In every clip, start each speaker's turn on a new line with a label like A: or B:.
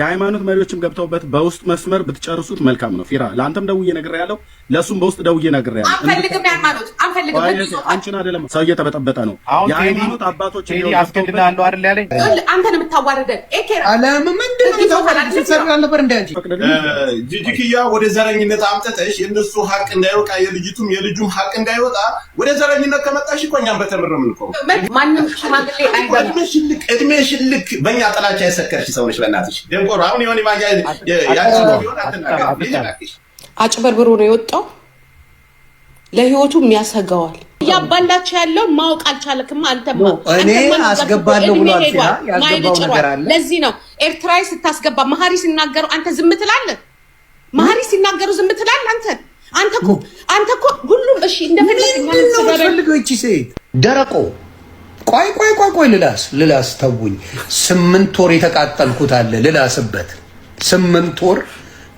A: የሃይማኖት መሪዎችም ገብተውበት በውስጥ መስመር ብትጨርሱት መልካም ነው። ፊራ ለአንተም ደውዬ ነግሬ ያለው ለእሱም በውስጥ ደውዬ ነግሬ
B: ያለው አንፈልግም፣ ሃይማኖት
A: አንፈልግም። አንቺን አይደለም ሰው እየተበጠበጠ ነው። የሃይማኖት አባቶች
C: አስገድዳለሁ አይደል ያለኝ
B: አንተን የምታዋርደን
D: ጂጂክያ ወደ ዘረኝነት አምጥተሽ የእነሱ ሀቅ እንዳይወጣ የልጅቱም የልጁም ሀቅ እንዳይወጣ ወደ ዘረኝነት ከመጣሽ እኮ እኛም በተምረም
B: እኮ ማንም ሽማግሌ
D: እድሜሽ ልክ በእኛ ጥላቻ የሰከርሽ ሰውነች በእናትሽ ደንቆሮ አሁን የሆነ ማያ
B: አጭበርብሮ ነው የወጣው። ለህይወቱ ያሰጋዋል። እያባላችሁ ያለው ማወቅ አልቻለክም አንተማ
A: እኔ አስገባለሁ
B: ብሏል። ለዚህ ነው ኤርትራዊ ስታስገባ መሀሪ ሲናገሩ አንተ ዝም ትላለህ። መሀሪ ሲናገሩ ዝም ትላለህ አንተ አንተ እኮ አንተ እኮ ሁሉም እሺ
A: እንደፈለግ ደረቆ ቆይ ቆይ ቆይ ቆይ ልላስ ልላስ ተውኝ። ስምንት ወር የተቃጠልኩት አለ ልላስበት። ስምንት ወር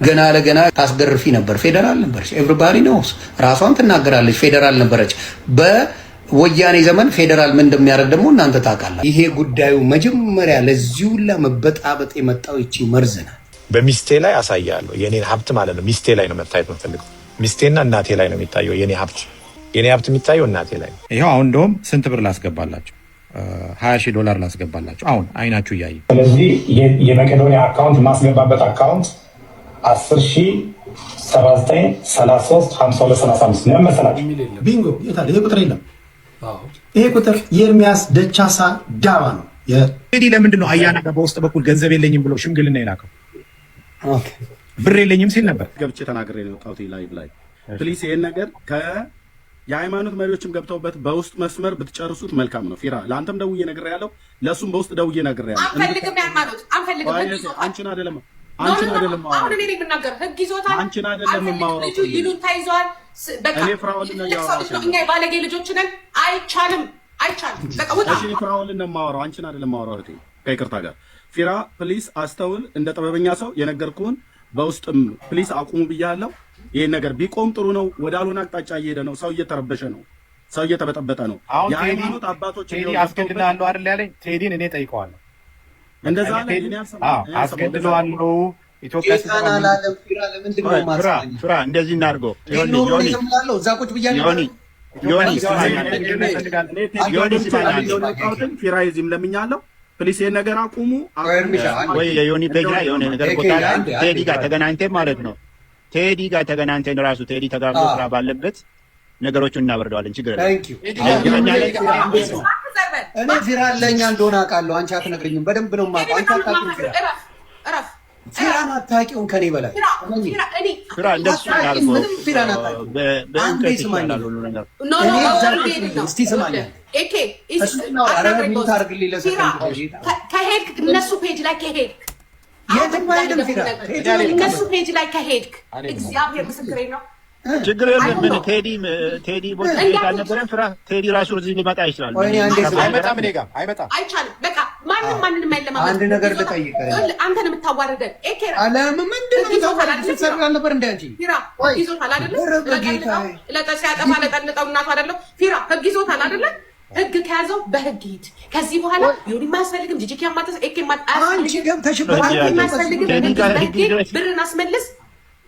A: ገና ለገና ታስገርፊ ነበር። ፌደራል ነበረች። ኤቭሪባዲ ኖውስ ራሷን ትናገራለች። ፌደራል ነበረች። በወያኔ ዘመን ፌደራል ምን እንደሚያደርግ ደግሞ እናንተ ታውቃላችሁ። ይሄ ጉዳዩ መጀመሪያ ለዚህ ሁላ መበጣበጥ የመጣው ይቺ መርዝ ናት።
D: በሚስቴ ላይ አሳያለሁ። የኔ ሀብት ማለት ነው። ሚስቴ ላይ ነው መታየት የምፈልገው። ሚስቴና እናቴ ላይ ነው የሚታየው የኔ ሀብት። የኔ ሀብት የሚታየው እናቴ ላይ ነው።
A: ይኸው አሁን እንደውም ስንት ብር ላስገባላቸው ሀያ ሺህ ዶላር ላስገባላችሁ አሁን አይናችሁ እያየ።
D: ስለዚህ የመቄዶኒያ አካውንት የማስገባበት አካውንት አስር ሺህ ሰባ ዘጠኝ ሰላሳ ሦስት ሀምሳ ሁለት ሰላሳ አምስት ነው መሰላችሁ።
A: ቢንጎ የታለ? ይሄ ቁጥር የለም። ይሄ ቁጥር የኤርሚያስ ደቻሳ ዳባ ነው። እንግዲህ ለምንድን ነው አያናጋ በውስጥ በኩል ገንዘብ የለኝም ብሎ ሽምግልና የላከው? ብር የለኝም ሲል ነበር። ገብቼ ተናግሬ ነው ጣውቴ ላይ ብላይ ፕሊስ ይሄን ነገር የሃይማኖት መሪዎችም ገብተውበት በውስጥ መስመር ብትጨርሱት መልካም ነው። ፊራ ለአንተም ደውዬ ነገር ያለው ለእሱም በውስጥ ደውዬ ነገር
B: ያለው አንፈልግም፣ ሃይማኖት አንፈልግም። አንቺን አይደለም አንቺን አይደለም አሁን እኔ የምናገር ህግ ይዞታል።
A: አንቺን አይደለም
B: የማወራው በቃ እኔ ነው እኛ የባለጌ ልጆች ነን። አይቻልም፣ አይቻልም። በቃ ወጣ።
A: እሺ ነው የማወራው፣ አንቺን አይደለም የማወራው። እህቴ ከይቅርታ ጋር ፊራ ፕሊስ አስተውል። እንደ ጥበበኛ ሰው የነገርኩህን በውስጥም ፕሊስ አቁሙ ብያለሁ። ይሄን ነገር ቢቆም ጥሩ ነው። ወደ አልሆነ አቅጣጫ እየሄደ ነው። ሰው እየተረበሸ ነው። ሰው እየተበጠበጠ ነው። የሃይማኖት አባቶች
C: አስገድዳለሁ አይደል ያለኝ ቴዲን እኔ ጠይቀዋለሁ።
A: እንደዛ አስገድለዋለሁ ኢትዮጵያ ፍራ እንደዚህ እናድርገው
B: እዛ ቁጭ ብያለሁ።
A: ዮኒ ፊራይዝም ለምኛለሁ። ፕሊስ ይሄን ነገር አቁሙ ወይ የዮኒ ፔጅ ላይ የሆነ ነገር ቴዲ ጋር ተገናኝተን ማለት ነው ቴዲ ጋር ተገናኝተን ራሱ ቴዲ ተጋብዞ ስራ ባለበት ነገሮቹን እናበርደዋለን። ችግር እኔ ፊራ ለእኛ እንደሆነ አውቃለሁ። አንቺ አትነግሪኝም። በደንብ ነው ማቀው አንቺ አታውቂውም። ፊራን አታውቂውም ከኔ በላይ ፊራ እንደሱ በእንቅርት ይችላል ሁሉ እስቲ ስማኝ
B: ከሄድክ እነሱ ፔጅ ላይ ከሄድክ እነሱ ፔጅ ላይ ከሄድክ እግዚአብሔር ምስክሬ ነው።
A: ችግር የለም። ምን ቴዲ ቴዲ ቦታ አልነበረም። ስራ ቴዲ ራሱ እዚህ ሊመጣ ይችላል። አይመጣም፣ እኔ ጋር አይመጣም፣
B: አይቻልም። በቃ ማንም ማንንም አይለማመድ።
A: አንድ ነገር ልጠይቅ፣
B: አንተን የምታዋርደን ኤኬራ
A: አለም ምንድን ነው ይሰራ ነበር እንደ አንቺ
B: ፊራ ይዞታል
A: አይደለም?
B: ለጠ ሲያጠፋ ለጠንጠው እናቱ አይደለም? ፊራ ህግ ይዞታል አይደለም? ህግ ከያዘው በህግ ሂድ። ከዚህ በኋላ ዮኒ የማያስፈልግም፣ ጂጂኪ የማያስፈልግም፣ ብርን አስመልስ።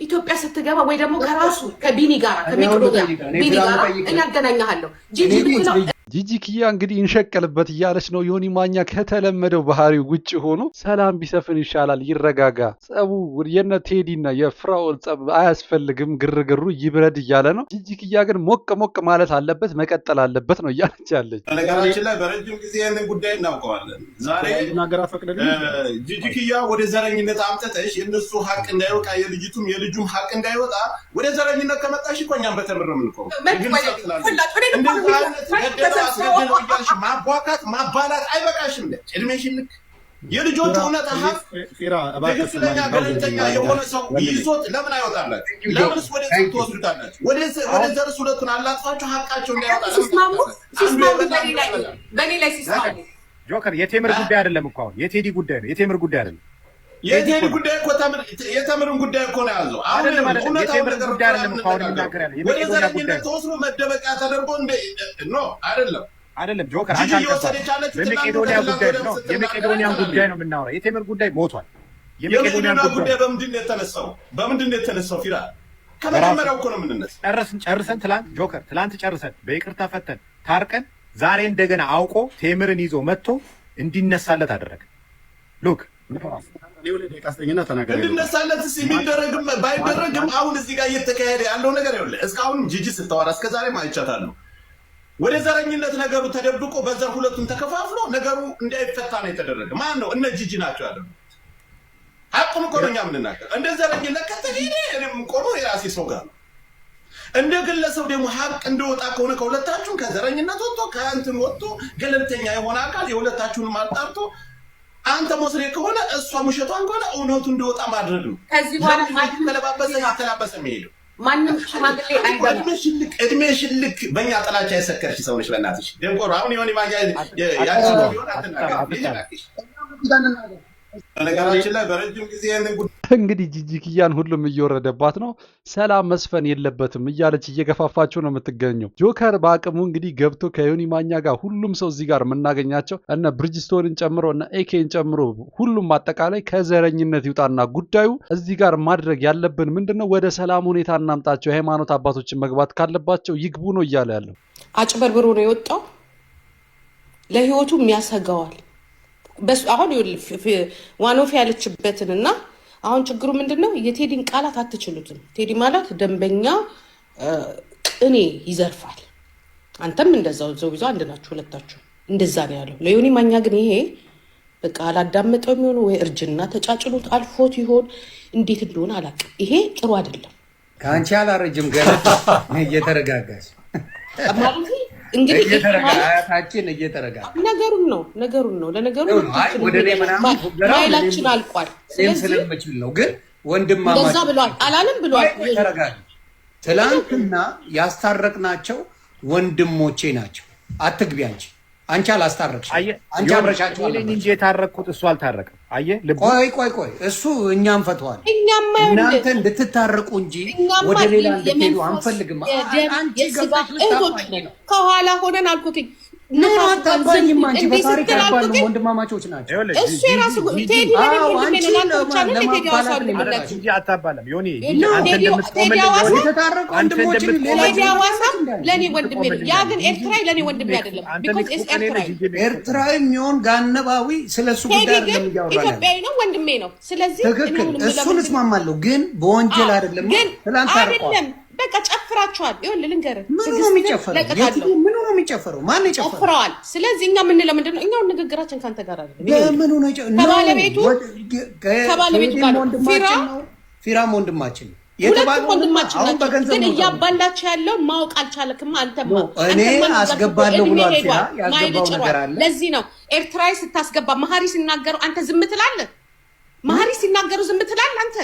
B: ኢትዮጵያ ስትገባ ወይ ደግሞ ከራሱ ከቢኒ ጋራ ከሜክዶ ጋር ቢኒ ጋራ እኔ አገናኛሃለሁ ጂጂ
A: ጂጂክያ እንግዲህ እንሸቀልበት እያለች ነው። ዮኒ ማኛ ከተለመደው ባህሪ ውጭ ሆኖ ሰላም ቢሰፍን ይሻላል፣ ይረጋጋ፣ ጸቡ የነ ቴዲና የፍራኦል ጸብ አያስፈልግም፣ ግርግሩ ይብረድ እያለ ነው። ጂጂክያ ግን ሞቅ ሞቅ ማለት አለበት፣ መቀጠል አለበት ነው እያለች ያለች።
D: በነገራችን ላይ በረጅም ጊዜ ያንን ጉዳይ እናውቀዋለን። ዛሬ ጂጂ ኪያ ወደ ዘረኝነት አምጥተሽ የእነሱ ሀቅ እንዳይወጣ የልጅቱም የልጁም ሀቅ እንዳይወጣ ወደ ዘረኝነት ከመጣሽ እኮ እኛም በተምር ነው ማቧካት ማባላት አይበቃሽም። እድሜሽን ልክ የልጆቹ እውነት ሀፍ
A: ትክክለኛ ገለልተኛ
D: የሆነ ሰው ይዞት ለምን አይወጣላችሁ? ለምንስ ወደ ዘር ትወስዱታላችሁ? ወደ ዘርስ ሁለቱን አላጥፋችሁ ሀቃቸው እንዳይወጣ
B: በኔ ላይ ሲስማሙ
A: ጆከር የቴምር ጉዳይ አይደለም እኮ አሁን የቴዲ ጉዳይ ነው። የቴምር ጉዳይ አይደለም
D: የቴን ጉዳይ እኮ የተምርን ጉዳይ እኮ ነው ያለው። አሁን
A: እውነታውን ጉዳይ ወደ ዘረኝነት
D: ተወስዶ መደበቂያ ተደርጎ እንደ ኖ አይደለም
A: አይደለም ጆከር አንተ ጉዳይ ነው የመቄዶንያን ጉዳይ ነው የምናወራው። የቴምር ጉዳይ ሞቷል። የመቄዶንያ
D: ጉዳይ በምንድን ነው የተነሳው? በምንድን ነው የተነሳው? ፊራ ከመጀመሪያው እኮ ነው የምንነሳው።
A: ጨረስን ጨርሰን ትላንት ጆከር ትላንት ጨርሰን በይቅርታ ፈተን ታርቀን ዛሬ እንደገና አውቆ ቴምርን ይዞ መጥቶ እንዲነሳለት አደረገ ሉክ
D: እንድነሳለት ስ የሚደረግም ባይደረግም አሁን እዚህ ጋር እየተካሄደ ያለው ነገር ይኸውልህ፣ እስካሁንም ጂጂ ስታወራ እስከ ዛሬም አይቻታለሁ። ወደ ዘረኝነት ነገሩ ተደብቆ በዘር ሁለቱም ተከፋፍሎ ነገሩ እንዳይፈታ ነው የተደረገ። ማን ነው? እነ ጂጂ ናቸው ያለ አቁም እኮ ነው እኛ የምንናገር። እንደ ዘረኝነት ከተሄደ እኔም ቆሞ የራሴ ሰው ጋር እንደ ግለሰብ ደግሞ ሀቅ እንደወጣ ከሆነ ከሁለታችሁም ከዘረኝነት ወጥቶ ከእንትን ወጥቶ ገለልተኛ የሆነ አካል የሁለታችሁንም አጣርቶ መውሰድ ከሆነ እሷ ውሸቷን ከሆነ እውነቱ እንደወጣ ማድረግ ነው። ከዚህ በኋላ ተለባበሰ ተላበሰ የሚሄደው እድሜ ሽልክ በእኛ ጥላቻ የሰከርሽ ሰውነች። በእናትሽ ደንቆሮ አሁን የሆነ ማ ያን ሆን አትናገር በነገራችን ላይ በረጅም ጊዜ
A: እንግዲህ ጂጂክያን ሁሉም እየወረደባት ነው። ሰላም መስፈን የለበትም እያለች እየገፋፋቸው ነው የምትገኘው። ጆከር በአቅሙ እንግዲህ ገብቶ ከዮኒ ማኛ ጋር ሁሉም ሰው እዚህ ጋር የምናገኛቸው እነ ብሪጅስቶንን ጨምሮ እነ ኤኬን ጨምሮ ሁሉም አጠቃላይ ከዘረኝነት ይውጣና ጉዳዩ እዚህ ጋር ማድረግ ያለብን ምንድን ነው? ወደ ሰላም ሁኔታ እናምጣቸው። የሃይማኖት አባቶችን መግባት ካለባቸው ይግቡ ነው እያለ ያለው።
B: አጭበርብሮ ነው የወጣው። ለህይወቱም ያሰጋዋል አሁን ዋኖፍ ያለችበትን እና አሁን ችግሩ ምንድን ነው? የቴዲን ቃላት አትችሉትም። ቴዲ ማለት ደንበኛ ቅኔ ይዘርፋል። አንተም እንደዛው ዘው ይዞ አንድ ናችሁ ሁለታችሁ፣ እንደዛ ነው ያለው። ለዮኒ ማኛ ግን ይሄ በቃ አላዳመጠው የሚሆኑ ወይ እርጅና ተጫጭኖት አልፎት ይሆን እንዴት እንደሆነ አላውቅም። ይሄ ጥሩ አይደለም።
A: ከአንቺ አላረጅም ገና እየተረጋጋች
B: ማለት እንግዲህ
A: እየተረጋጋታችን እየተረጋ ነገሩን ነው
B: ነገሩን ነው ለነገሩ አልቋል። ስለምችል ነው ግን
A: ብሏል
B: አላለም ብሏል።
A: ትላንትና ያስታረቅናቸው ወንድሞቼ ናቸው። አትግቢ አንቺ አንቺ አላስታረቅሽ አንቺ አብረሻቸው እንጂ የታረቅኩት እሱ አልታረቅም። አየህ ቆይ ቆይ ቆይ እሱ እኛም ፈተዋል። እናንተ እንድትታረቁ እንጂ ወደ ሌላ እንድትሄዱ አንፈልግም። አንቺ ከኋላ ሆነን አልኩትኝ ወንድማማቾች ናቸው። እሱ የራሱ ቴዲ ለእኔ ወንድሜ ነው። ያ ግን ኤርትራዊ ለእኔ ወንድሜ አይደለም። ኤርትራዊ የሚሆን ጋነባዊ ጉዳይ ኢትዮጵያዊ ነው፣ ወንድሜ ነው። ስለዚህ እሱን እስማማለሁ፣ ግን በወንጀል አይደለም። ግን አይደለም በቃ ጨፍራችኋል። ይኸውልህ ልንገርህ ሆኖ ነው የሚጨፈረው? ማን ነው የጨፈረው? ጨፍረዋል። ስለዚህ እኛ ምን ለምንድን ነው እኛው ንግግራችን ካንተ ጋር አይደለም። ለምን ሆኖ ከባለቤቱ ከባለቤቱ ጋር ፊራ ፊራም ወንድማችን ነው ሁለቱም ወንድማችን ናቸው። ግን እያባላችሁ ያለውን ማወቅ አልቻለክማ። አንተማ እኔ አስገባለሁ ብሏል ፊራ ያስገባው ነገር አለ። ለዚህ ነው ኤርትራዊ ስታስገባ መሀሪ ሲናገሩ አንተ ዝም ትላለህ። መሀሪ ሲናገሩ ዝም ትላለህ አንተ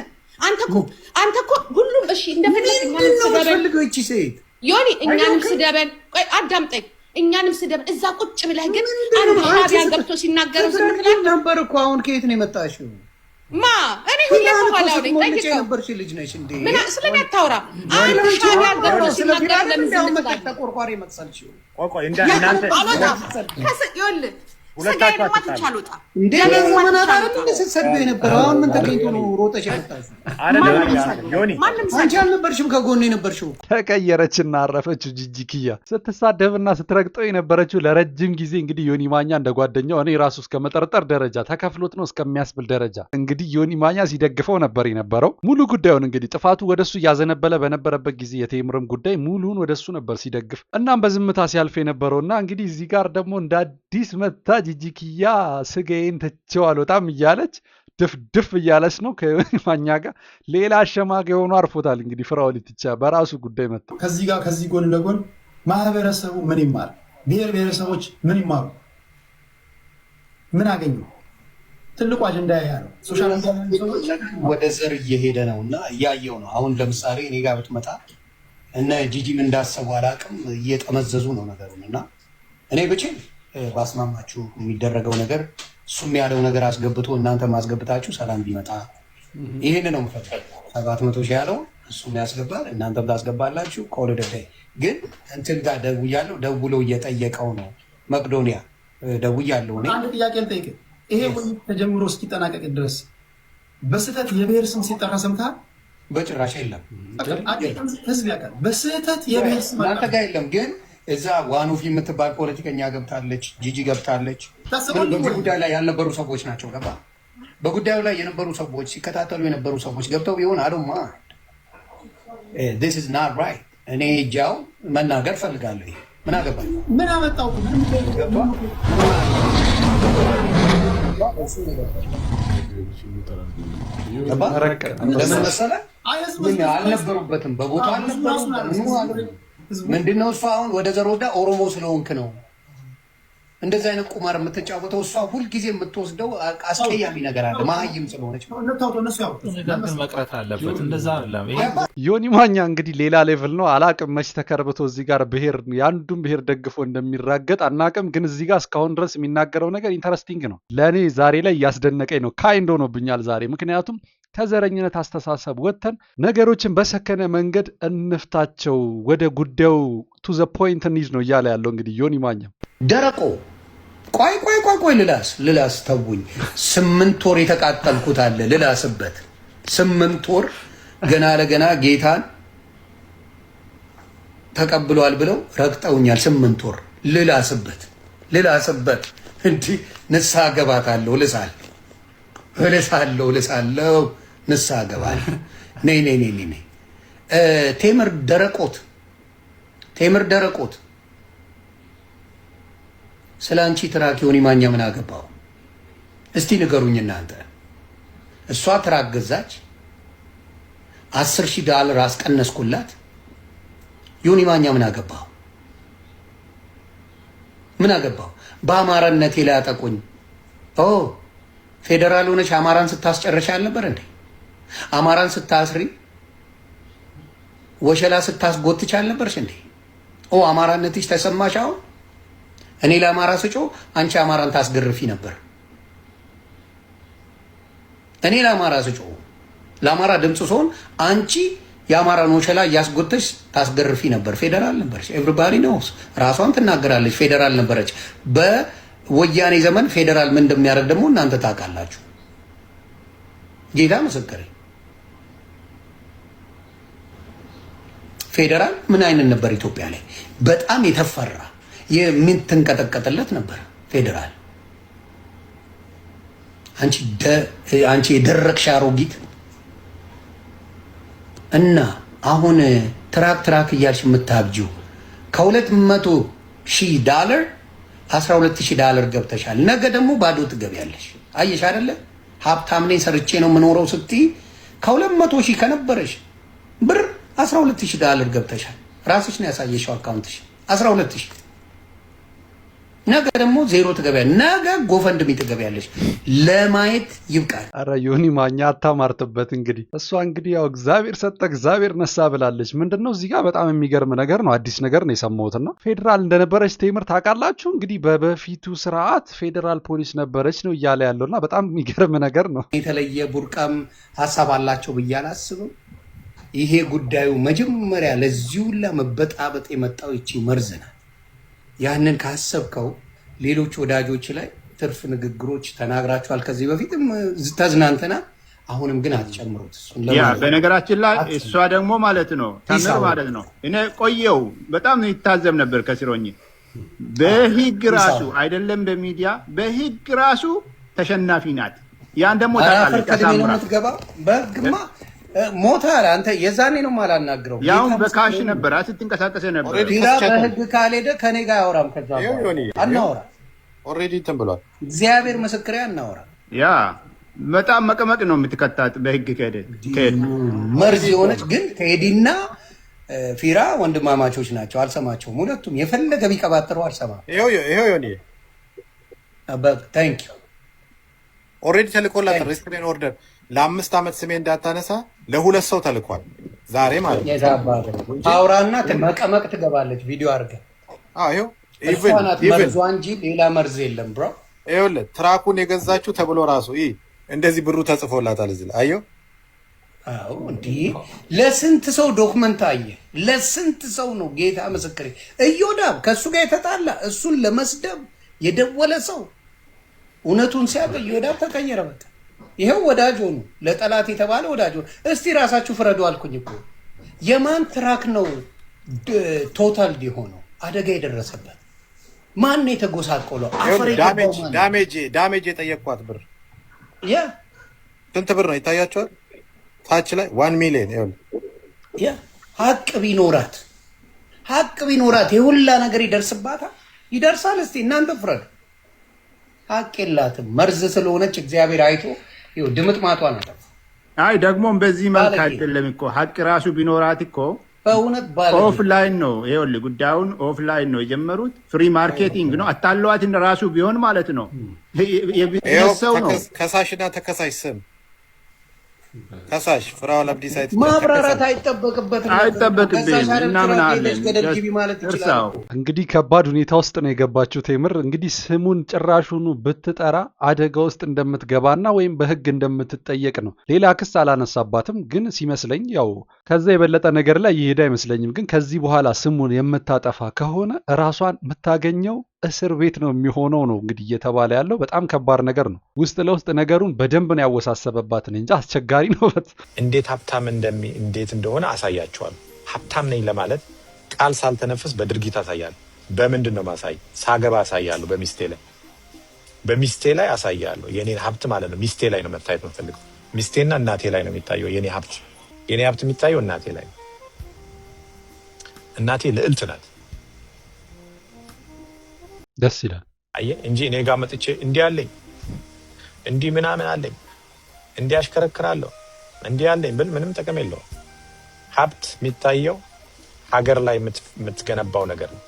A: አንተ እኮ አንተ እኮ ሁሉም እሺ እንደፈለግ ነው ፈልገው ይቺ ሴት
B: ዮኒ እኛንም ስደበን፣ ቆይ አዳምጠኝ፣ እኛንም ስደበን። እዛ ቁጭ ብለህ ግን አንዱ ገብቶ ሲናገረው
A: ነበር እኮ። አሁን ከየት ነው የመጣሽው?
B: ማ እኔ ሁሌ ከኋላው ነኝ። ልጅ ነሽ እንዴ? ስለኔ አታውራ። አንዱ ሻቢያን ገብቶ ሲናገረው ለምን ዝም ተቆርቋሪ መጥሰልሽ
A: ቆይ ቆይ እንዳንተ
B: ይኸውልህ
A: ተቀየረችና አረፈችው። ጂጂክያ ስትሳደብና ስትረግጠው የነበረችው ለረጅም ጊዜ እንግዲህ ዮኒ ማኛ እንደ ጓደኛው እኔ ራሱ እስከ መጠርጠር ደረጃ ተከፍሎት ነው እስከሚያስብል ደረጃ እንግዲህ ዮኒ ማኛ ሲደግፈው ነበር የነበረው። ሙሉ ጉዳዩን እንግዲህ ጥፋቱ ወደሱ እያዘነበለ በነበረበት ጊዜ የቴምርም ጉዳይ ሙሉን ወደሱ ነበር ሲደግፍ እናም በዝምታ ሲያልፍ የነበረውና እንግዲህ እዚህ ጋር ደግሞ እንዳ አዲስ መታ ጅጅኪያ ስጋዬን ትቼው አልወጣም እያለች ድፍድፍ እያለች ነው ከማኛ ጋር። ሌላ አሸማጋይ የሆኑ አርፎታል። እንግዲህ ፍራኦል ኢቲቻ በራሱ ጉዳይ መጣ። ከዚህ ጋር ከዚህ ጎን ለጎን ማህበረሰቡ ምን ይማር፣ ብሔር ብሔረሰቦች ምን ይማሩ፣ ምን አገኙ? ትልቁ አጀንዳ ያ ነው። ሶሻል ወደ ዘር እየሄደ ነው እና እያየው ነው። አሁን ለምሳሌ እኔ ጋር ብትመጣ እነ ጂጂም እንዳሰቡ አላቅም እየጠመዘዙ ነው ነገሩን እና እኔ ብችል ባስማማችሁ የሚደረገው ነገር እሱም ያለው ነገር አስገብቶ እናንተ ማስገብታችሁ ሰላም ቢመጣ ይህን ነው ምፈል ሰባት መቶ ሺህ ያለው እሱም ያስገባል እናንተም ታስገባላችሁ። ከወለደ ግን እንትን ጋር ደውያለሁ ደውሎ እየጠየቀው ነው። መቅዶኒያ ደውያለሁ። አንድ ጥያቄ ልጠይቅ። ይሄ ውይይት ተጀምሮ እስኪጠናቀቅ ድረስ በስህተት የብሔር ስም ሲጠራ ሰምተሃል? በጭራሽ የለም። ህዝብ ያውቃል። በስህተት የብሔር ስም እናንተ ጋር የለም ግን እዛ ዋኑፊ የምትባል ፖለቲከኛ ገብታለች፣ ጂጂ ገብታለች። በዚህ ጉዳይ ላይ ያልነበሩ ሰዎች ናቸው ገባ። በጉዳዩ ላይ የነበሩ ሰዎች ሲከታተሉ የነበሩ ሰዎች ገብተው ቢሆን አዶማ ስ ና ራይት እኔ እጃው መናገር ፈልጋለሁ። ምን አገባኝ? ምን አመጣው? ለምን መሰለህ አልነበሩበትም በቦታ ምንድነው እሷ አሁን ወደ ዘር ወዳ ኦሮሞ ስለሆንክ ነው እንደዚህ አይነት ቁማር የምትጫወተው። እሷ ሁልጊዜ የምትወስደው አስቀያሚ ነገር አለ። መሀይም ስለሆነች መቅረት አለበት። እንደዛ ዮኒ ማኛ እንግዲህ ሌላ ሌቭል ነው። አላቅም መች ተከርብቶ እዚህ ጋር ብሔር የአንዱን ብሄር ደግፎ እንደሚራገጥ አናቅም። ግን እዚህ ጋር እስካሁን ድረስ የሚናገረው ነገር ኢንተረስቲንግ ነው። ለእኔ ዛሬ ላይ እያስደነቀኝ ነው። ካይንዶ ሆኖብኛል ዛሬ ምክንያቱም ከዘረኝነት አስተሳሰብ ወጥተን ነገሮችን በሰከነ መንገድ እንፍታቸው፣ ወደ ጉዳዩ ቱ ዘ ፖይንት እንሂድ ነው እያለ ያለው እንግዲህ ዮኒ ማኛ ደረቆ ቆይ ቆይ ቆይ ቆይ ልላስ ልላስ ተውኝ። ስምንት ወር የተቃጠልኩት አለ ልላስበት። ስምንት ወር ገና ለገና ጌታን ተቀብሏል ብለው ረግጠውኛል። ስምንት ወር ልላስበት ልላስበት። እንዲህ ንስሐ ገባታለሁ ልሳል እልሳለሁ እልሳለሁ ንስሐ ገባል። ነይ ነይ ነይ ነይ። ቴምር ደረቆት፣ ቴምር ደረቆት፣ ስለ አንቺ ትራክ ይሁን ማኛ ምን አገባው? እስቲ ንገሩኝ እናንተ። እሷ ትራክ ገዛች፣ አስር ሺህ ዳላር አስቀነስኩላት። ይሁን ማኛ ምን አገባው? ምን አገባው? በአማራነቴ ላይ አጠቁኝ። ኦ ፌዴራል ሆነች አማራን ስታስጨረሻ አልነበር እንዴ? አማራን ስታስሪ ወሸላ ስታስጎትች አልነበርሽ እንዴ? ኦ አማራነትሽ ተሰማሽ። አሁን እኔ ለአማራ ስጮ አንቺ አማራን ታስገርፊ ነበር። እኔ ለአማራ ስጮ ለአማራ ድምፅ ሲሆን አንቺ የአማራን ወሸላ እያስጎተች ታስገርፊ ነበር። ፌዴራል ነበረች። ኤቭሪባዲ ነውስ ራሷን ትናገራለች። ፌዴራል ነበረች። በወያኔ ዘመን ፌዴራል ምን እንደሚያደርግ ደግሞ እናንተ ታውቃላችሁ። ጌታ ምስክሬ ፌዴራል ምን አይነት ነበር? ኢትዮጵያ ላይ በጣም የተፈራ የምትንቀጠቀጥለት ነበር ፌዴራል። አንቺ የደረቅሽ አሮጊት እና አሁን ትራክ ትራክ እያልሽ የምታብጂው ከሁለት መቶ ሺህ ዳለር 12 ሺህ ዳለር ገብተሻል። ነገ ደግሞ ባዶ ትገቢያለሽ። አየሽ አይደለ? ሀብታም ነኝ ሰርቼ ነው የምኖረው ስትይ ከሁለት መቶ ሺህ ከነበረሽ ብር 12000 ዳለር ገብተሻል። ራስሽ ነው ያሳየሽው አካውንትሽ 12000። ነገ ደግሞ ዜሮ ትገቢያለሽ። ነገ ጎፈንድሚ ትገቢያለሽ። ለማየት ይብቃል። አረ ዮኒ ማኛ አታማርትበት። እንግዲህ እሷ እንግዲህ ያው እግዚአብሔር ሰጠ እግዚአብሔር ነሳ ብላለች። ምንድን ነው እዚህ ጋር በጣም የሚገርም ነገር ነው፣ አዲስ ነገር ነው የሰማሁትና ፌዴራል እንደነበረች ቴምር ታውቃላችሁ። እንግዲህ በበፊቱ ስርዓት ፌዴራል ፖሊስ ነበረች ነው እያለ ያለውና በጣም የሚገርም ነገር ነው። የተለየ ቡርቃም ሀሳብ አላቸው ብዬ አላስብም። ይሄ ጉዳዩ መጀመሪያ ለዚህ ሁላ መበጣበጥ የመጣው ይቺ መርዝ ናት። ያንን ካሰብከው ሌሎች ወዳጆች ላይ ትርፍ ንግግሮች ተናግራችኋል። ከዚህ በፊትም ተዝናንተናል። አሁንም ግን አትጨምሩት። በነገራችን ላይ እሷ ደግሞ ማለት ነው ታምር ማለት ነው። እኔ ቆየው በጣም ይታዘብ ነበር ከሲሮኝ በህግ ራሱ አይደለም በሚዲያ በህግ ራሱ ተሸናፊ ናት። ያን ደግሞ ታውቃለች። በህግማ ሞታ አንተ የዛኔ ነው ማላናግረው። ያው በካሽ ነበር አትንቀሳቀስ ነበር። በህግ ካልሄደ ከኔ ጋር አያወራም። ከዛ አናወራ ኦልሬዲ እንትን ብሏል። እግዚአብሔር ምስክሬ አናወራ። ያ በጣም መቀመቅ ነው የምትከታት በህግ ከሄደ መርዝ የሆነች ግን ቴዲና ፊራ ወንድማማቾች ናቸው። አልሰማቸውም። ሁለቱም የፈለገ ቢቀባጥሩ አልሰማም። ይኸው ዮኒ ኦልሬዲ ተልኮላታል ሪስትሬን ኦርደር ለአምስት ዓመት ስሜ እንዳታነሳ ለሁለት ሰው ተልኳል። ዛሬ ማለት ነው ታውራና መቀመቅ ትገባለች ቪዲዮ አድርገህ መርዟ እንጂ ሌላ መርዝ የለም። ብሮ ይኸውልህ ትራኩን የገዛችው ተብሎ ራሱ እንደዚህ ብሩ ተጽፎላታል እዚህ ላይ እንዲህ ለስንት ሰው ዶክመንት አየ፣ ለስንት ሰው ነው ጌታ ምስክሬ። እዮዳብ ከእሱ ጋር የተጣላ እሱን ለመስደብ የደወለ ሰው እውነቱን ሲያቅ እዮዳብ ተቀየረበት። ይሄው ወዳጅ ሆኑ። ለጠላት የተባለ ወዳጅ ሆኑ። እስቲ ራሳችሁ ፍረዱ አልኩኝ እኮ። የማን ትራክ ነው ቶታል የሆነው አደጋ የደረሰበት? ማን ነው የተጎሳቆለው? ዳሜጅ የጠየቅኳት ብር ያ ስንት ብር ነው ይታያቸዋል። ታች ላይ ዋን ሚሊዮን ያ ሀቅ ቢኖራት ሀቅ ቢኖራት የሁላ ነገር ይደርስባታል። ይደርሳል። እስቲ እናንተ ፍረዱ። ሀቅ የላትም መርዝ ስለሆነች እግዚአብሔር አይቶ ድምጥ ማቷ ናት። አይ ደግሞም በዚህ መልክ አይደለም እኮ ሀቅ ራሱ ቢኖራት እኮ በእውነት ኦፍላይን ነው። ይኸውልህ ጉዳዩን ኦፍላይን ነው የጀመሩት። ፍሪ ማርኬቲንግ ነው። አታለዋትን ራሱ ቢሆን ማለት ነው የሰው ነው ከሳሽና ተከሳሽ ስም ከሳሽ ፍራኦል አብዲሳ ማብራራት አይጠበቅበትም አይጠበቅብኝም። እንግዲህ ከባድ ሁኔታ ውስጥ ነው የገባችው። ቴምር እንግዲህ ስሙን ጭራሹኑ ብትጠራ አደጋ ውስጥ እንደምትገባና ወይም በህግ እንደምትጠየቅ ነው። ሌላ ክስ አላነሳባትም፣ ግን ሲመስለኝ ያው ከዛ የበለጠ ነገር ላይ ይሄድ አይመስለኝም። ግን ከዚህ በኋላ ስሙን የምታጠፋ ከሆነ ራሷን የምታገኘው እስር ቤት ነው የሚሆነው ነው እንግዲህ እየተባለ ያለው። በጣም ከባድ ነገር ነው። ውስጥ ለውስጥ ነገሩን በደንብ ነው ያወሳሰበባትን እንጂ አስቸጋሪ ነው። እንዴት ሀብታም እንዴት እንደሆነ አሳያቸዋል። ሀብታም ነኝ ለማለት ቃል ሳልተነፍስ በድርጊት አሳያል። በምንድን ነው ማሳይ? ሳገባ አሳያለሁ። በሚስቴ ላይ በሚስቴ ላይ አሳያለሁ። የኔ ሀብት ማለት ነው። ሚስቴ ላይ ነው መታየት የምፈልገው። ሚስቴና እናቴ ላይ ነው የሚታየው የኔ ሀብት። የኔ ሀብት የሚታየው እናቴ ላይ ነው። እናቴ ልዕልት ናት። ደስ ይላል። አየህ እንጂ እኔ ጋር መጥቼ እንዲህ አለኝ እንዲህ ምናምን አለኝ እንዲህ አሽከረክራለሁ እንዲህ አለኝ ብል ምንም ጥቅም የለውም። ሀብት የሚታየው ሀገር ላይ የምትገነባው ነገር ነው።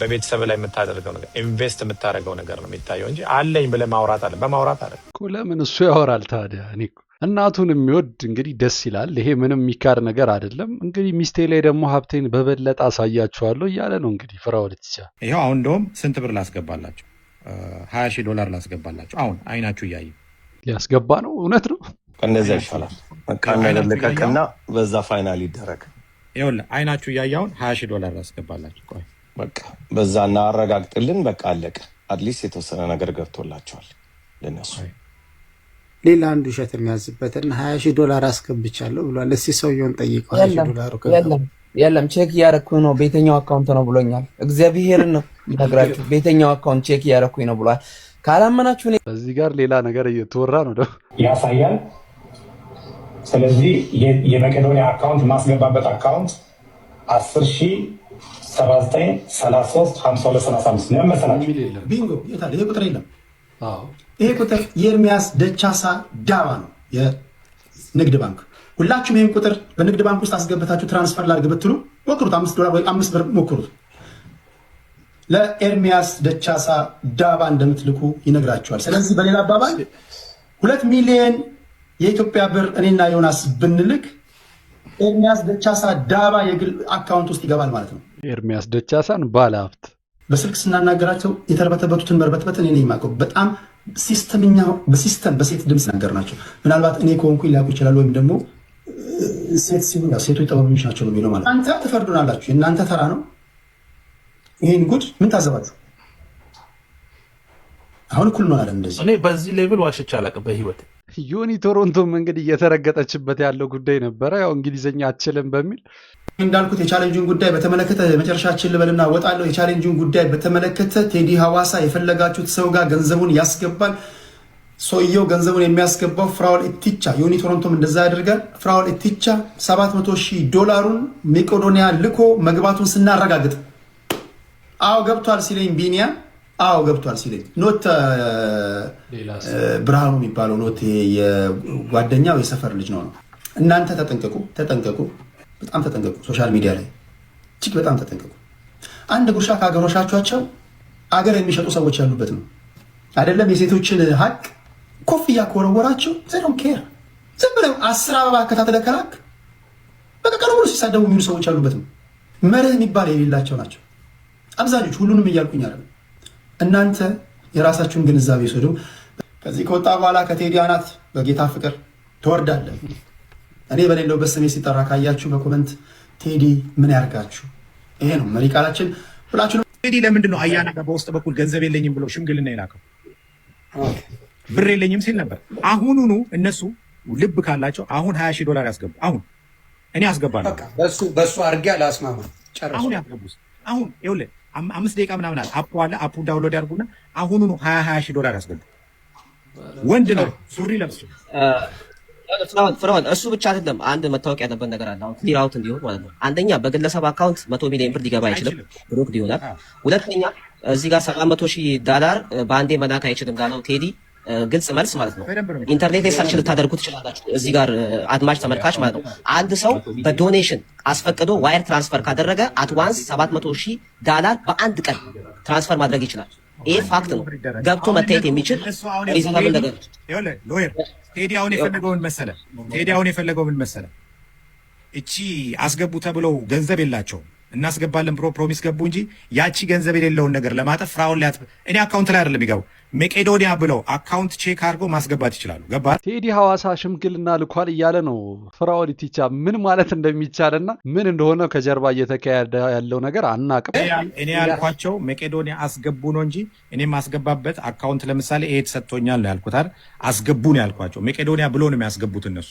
A: በቤተሰብ ላይ የምታደርገው ነገር ኢንቨስት የምታደርገው ነገር ነው የሚታየው እንጂ አለኝ ብለህ ማውራት አለ በማውራት አለ። ለምን እሱ ያወራል ታዲያ? እኔ እናቱን የሚወድ እንግዲህ ደስ ይላል። ይሄ ምንም የሚካድ ነገር አይደለም። እንግዲህ ሚስቴ ላይ ደግሞ ሀብቴን በበለጠ አሳያችኋለሁ እያለ ነው እንግዲህ ፍራኦል ኢትቻ። ይኸው አሁን እንደውም ስንት ብር ላስገባላቸው? ሀያ ሺህ ዶላር ላስገባላቸው። አሁን አይናችሁ እያየ ሊያስገባ ነው። እውነት ነው። ከእነዚያ ይሻላል። ቀና በዛ ፋይናል ይደረግ። ይኸውልህ አይናችሁ እያየ አሁን ሀያ ሺህ ዶላር ላስገባላቸው። ቆይ በቃ በዛ አረጋግጥልን። በቃ አለቀ። አትሊስት የተወሰነ ነገር ገብቶላቸዋል ለነሱ ሌላ አንድ ውሸት የሚያዝበትና ሀያ ሺህ ዶላር አስገብቻለሁ ብሏል። እስኪ ሰውየውን ጠይቀው። የለም ቼክ እያረኩኝ ነው ቤተኛው አካውንት ነው ብሎኛል። እግዚአብሔርን ነው ነግራችሁ ቤተኛው አካውንት ቼክ እያረኩኝ ነው ብሏል። ካላመናችሁ በዚህ ጋር ሌላ ነገር እየተወራ ነው ያሳያል። ስለዚህ የመቄዶኒያ አካውንት የማስገባበት አካውንት አስር ሺ 10 ሀምሳ ሁለት ሰላሳ አምስት ነው ያመሰላችሁ። ቢንጎ ይታል ይህ ቁጥር የለም ይሄ ቁጥር የኤርሚያስ ደቻሳ ዳባ ነው፣ የንግድ ባንክ። ሁላችሁም ይህን ቁጥር በንግድ ባንክ ውስጥ አስገብታችሁ ትራንስፈር ላድርግ ብትሉ ሞክሩት። አምስት ዶላር ወይ አምስት ብር ሞክሩት። ለኤርሚያስ ደቻሳ ዳባ እንደምትልኩ ይነግራቸዋል። ስለዚህ በሌላ አባባል ሁለት ሚሊዮን የኢትዮጵያ ብር እኔና ዮናስ ብንልክ ኤርሚያስ ደቻሳ ዳባ የግል አካውንት ውስጥ ይገባል ማለት ነው። ኤርሚያስ ደቻሳን ባለ ሀብት በስልክ ስናናገራቸው የተርበተበቱትን መርበትበት እኔ ነኝ የማውቀው። በጣም በሲስተም በሴት ድምፅ ነገር ናቸው። ምናልባት እኔ ከሆንኩ ሊያውቁ ይችላል። ወይም ደግሞ ሴት ሲሆን ሴቶች ጠበኞች ናቸው ነው የሚለው ማለት አንተ ትፈርዱናላችሁ፣ የእናንተ ተራ ነው። ይህን ጉድ ምን ታዘባችሁ? አሁን እኩል ነው እንሆናለን። እንደዚህ እኔ በዚህ ሌቭል ዋሽቼ አላውቅም በህይወት ዩኒ ቶሮንቶም እንግዲህ እየተረገጠችበት ያለው ጉዳይ ነበረ። ያው እንግሊዝኛ አችልም በሚል እንዳልኩት የቻሌንጁን ጉዳይ በተመለከተ መጨረሻችን ልበልና ወጣለው። የቻሌንጁን ጉዳይ በተመለከተ ቴዲ ሀዋሳ የፈለጋችሁት ሰው ጋር ገንዘቡን ያስገባል። ሰውየው ገንዘቡን የሚያስገባው ፍራውል ኢቲቻ፣ ዩኒ ቶሮንቶም እንደዛ ያደርጋል። ፍራውል ኢቲቻ 700 ሺህ ዶላሩን መቄዶኒያ ልኮ መግባቱን ስናረጋግጥ አዎ ገብቷል ሲለኝ ቢኒያ አዎ ገብቷል ሲለኝ ኖት ብርሃኑ የሚባለው ኖት የጓደኛው የሰፈር ልጅ ነው። እናንተ ተጠንቀቁ፣ ተጠንቀቁ፣ በጣም ተጠንቀቁ። ሶሻል ሚዲያ ላይ እጅግ በጣም ተጠንቀቁ። አንድ ጉርሻ ካገሮሻቸው አገር የሚሸጡ ሰዎች ያሉበት ነው። አይደለም የሴቶችን ሀቅ ኮፍያ ከወረወራቸው ዘዶን ኬር ዝም ብለው አስር አበባ ከታተለ ከላክ በቀቀሉ ሙሉ ሲሳደቡ የሚሉ ሰዎች ያሉበት ነው። መርህ የሚባል የሌላቸው ናቸው አብዛኞች ሁሉንም እያልኩኝ አይደለም እናንተ የራሳችሁን ግንዛቤ ስዱ። ከዚህ ከወጣ በኋላ ከቴዲ አናት በጌታ ፍቅር ትወርዳለህ። እኔ በሌለው በስሜ ሲጠራ ካያችሁ በኮመንት ቴዲ ምን ያርጋችሁ? ይሄ ነው መሪ ቃላችን ብላችሁ ነው። ቴዲ ለምንድን ነው አያና በውስጥ በኩል ገንዘብ የለኝም ብሎ ሽምግልና የላከው? ብር የለኝም ሲል ነበር። አሁኑኑ እነሱ ልብ ካላቸው አሁን ሀያ ሺህ ዶላር ያስገቡ። አሁን እኔ አስገባለሁ። በሱ አድርጌ አላስማማም። አሁን ያስገቡ። አሁን ይኸውልህ አምስት ደቂቃ ምናምን አለ። አፑ አለ። አፑ ዳውንሎድ ያርጉና አሁኑ ነው ሀያ ሀያ ሺህ ዶላር ያስገቡ። ወንድ ነው ሱሪ ለብሱ። ፍራውን ፍራውን እሱ ብቻ አይደለም። አንድ መታወቅ ያለበት ነገር አለ። አሁን ክሊር አውት እንዲሆን ማለት ነው። አንደኛ በግለሰብ አካውንት መቶ ሚሊዮን ብር ሊገባ አይችልም፣ ብሎክ ይሆናል። ሁለተኛ እዚህ ጋር ሰባት መቶ ሺህ ዳላር በአንዴ መላክ አይችልም ነው ቴዲ ግልጽ መልስ ማለት ነው። ኢንተርኔት ላይ ሰርች ልታደርጉ ትችላላችሁ። እዚህ ጋር አድማጭ ተመልካች ማለት ነው። አንድ ሰው በዶኔሽን አስፈቅዶ ዋየር ትራንስፈር ካደረገ አትዋንስ 700 ሺህ ዳላር በአንድ ቀን ትራንስፈር ማድረግ ይችላል። ይህ ፋክት ነው፣ ገብቶ መታየት የሚችል ሪዘናብል ነገር። ቴዲ አሁን ቴዲ አሁን የፈለገው ምን መሰለ እቺ አስገቡ ተብለው ገንዘብ የላቸውም እናስገባለን ብሎ ፕሮሚስ ገቡ እንጂ ያቺ ገንዘብ የሌለውን ነገር ለማጠፍ ፍራውን ሊያት እኔ አካውንት ላይ አይደለም ይገቡ መቄዶኒያ ብለው አካውንት ቼክ አድርጎ ማስገባት ይችላሉ። ገባ ቴዲ ሐዋሳ ሽምግልና ልኳል እያለ ነው ፍራውን ቲቻ ምን ማለት እንደሚቻልና ምን እንደሆነ ከጀርባ እየተካሄደ ያለው ነገር አናቅም። እኔ ያልኳቸው መቄዶኒያ አስገቡ ነው እንጂ እኔ ማስገባበት አካውንት ለምሳሌ ይሄ ተሰጥቶኛል ነው ያልኩታል። አስገቡ ነው ያልኳቸው። መቄዶኒያ ብሎ ነው የሚያስገቡት እነሱ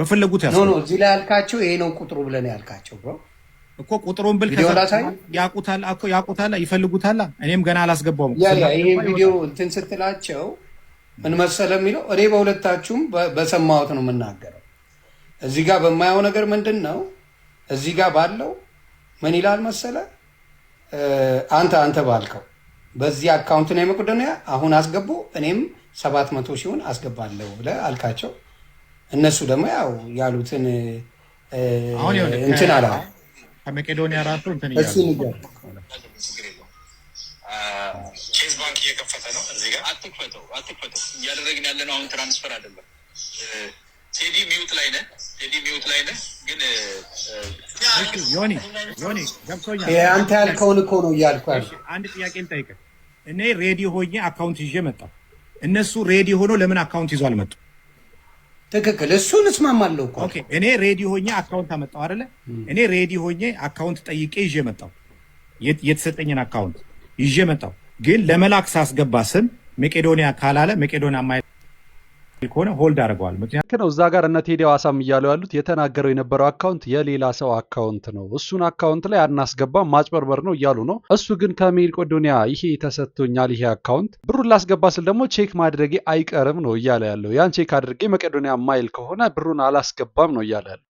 A: በፈለጉት ያስ እዚህ ላይ ያልካቸው ይሄ ነው ቁጥሩ ብለን ያልካቸው እኮ ቁጥሩን ብል ያቁታል ያቁታል ይፈልጉታል። እኔም ገና አላስገባውም። ይሄ ቪዲዮ እንትን ስትላቸው ምን መሰለ የሚለው እኔ በሁለታችሁም በሰማሁት ነው የምናገረው። እዚህ ጋር በማየው ነገር ምንድን ነው እዚህ ጋር ባለው ምን ይላል መሰለ አንተ አንተ ባልከው በዚህ አካውንት ነው የመቁደንያ አሁን አስገቡ እኔም ሰባት መቶ ሲሆን አስገባለሁ ብለህ አልካቸው። እነሱ ደግሞ ያው ያሉትን እንትን አለዋል ከመቄዶኒያ ራሱ እንትን እያሉ ኬዝ ባንክ እየከፈተ ነው። እዚህ ጋር አትክፈተው፣ አትክፈተው እያደረግን ያለ ነው። አሁን ትራንስፈር አይደለም። ቴዲ ሚውት ላይ ነ ቴዲ ሚውት ላይ ነ ግን ዮኒ ዮኒ ገብቶኛል። አንተ ያልከውን እኮ ነው እያልኩ ያልኩህ። አንድ ጥያቄ ልጠይቅህ። እኔ ሬዲ ሆኜ አካውንት ይዤ መጣሁ። እነሱ ሬዲ ሆኖ ለምን አካውንት ይዞ አልመጡም? ትክክል፣ እሱን እስማማለሁ እኮ እኔ ሬዲ ሆኜ አካውንት አመጣው አይደለ? እኔ ሬዲ ሆኜ አካውንት ጠይቄ ይዤ መጣው የተሰጠኝን አካውንት ይዤ መጣው ግን ለመላክ ሳስገባ ስም መቄዶንያ ካላለ መቄዶንያ ማየት ከሆነ ሆልድ አድርገዋል። ምክንያቱ ነው እዛ ጋር እነ ቴዲ ዋሳም እያለው ያሉት የተናገረው የነበረው አካውንት የሌላ ሰው አካውንት ነው፣ እሱን አካውንት ላይ አናስገባም ማጭበርበር ነው እያሉ ነው። እሱ ግን ከሜቄዶኒያ ይሄ ተሰጥቶኛል ይሄ አካውንት ብሩን ላስገባ ስል ደግሞ ቼክ ማድረጌ አይቀርም ነው እያለ ያለው። ያን ቼክ አድርጌ መቄዶኒያ ማይል ከሆነ ብሩን አላስገባም ነው እያለ ያለው።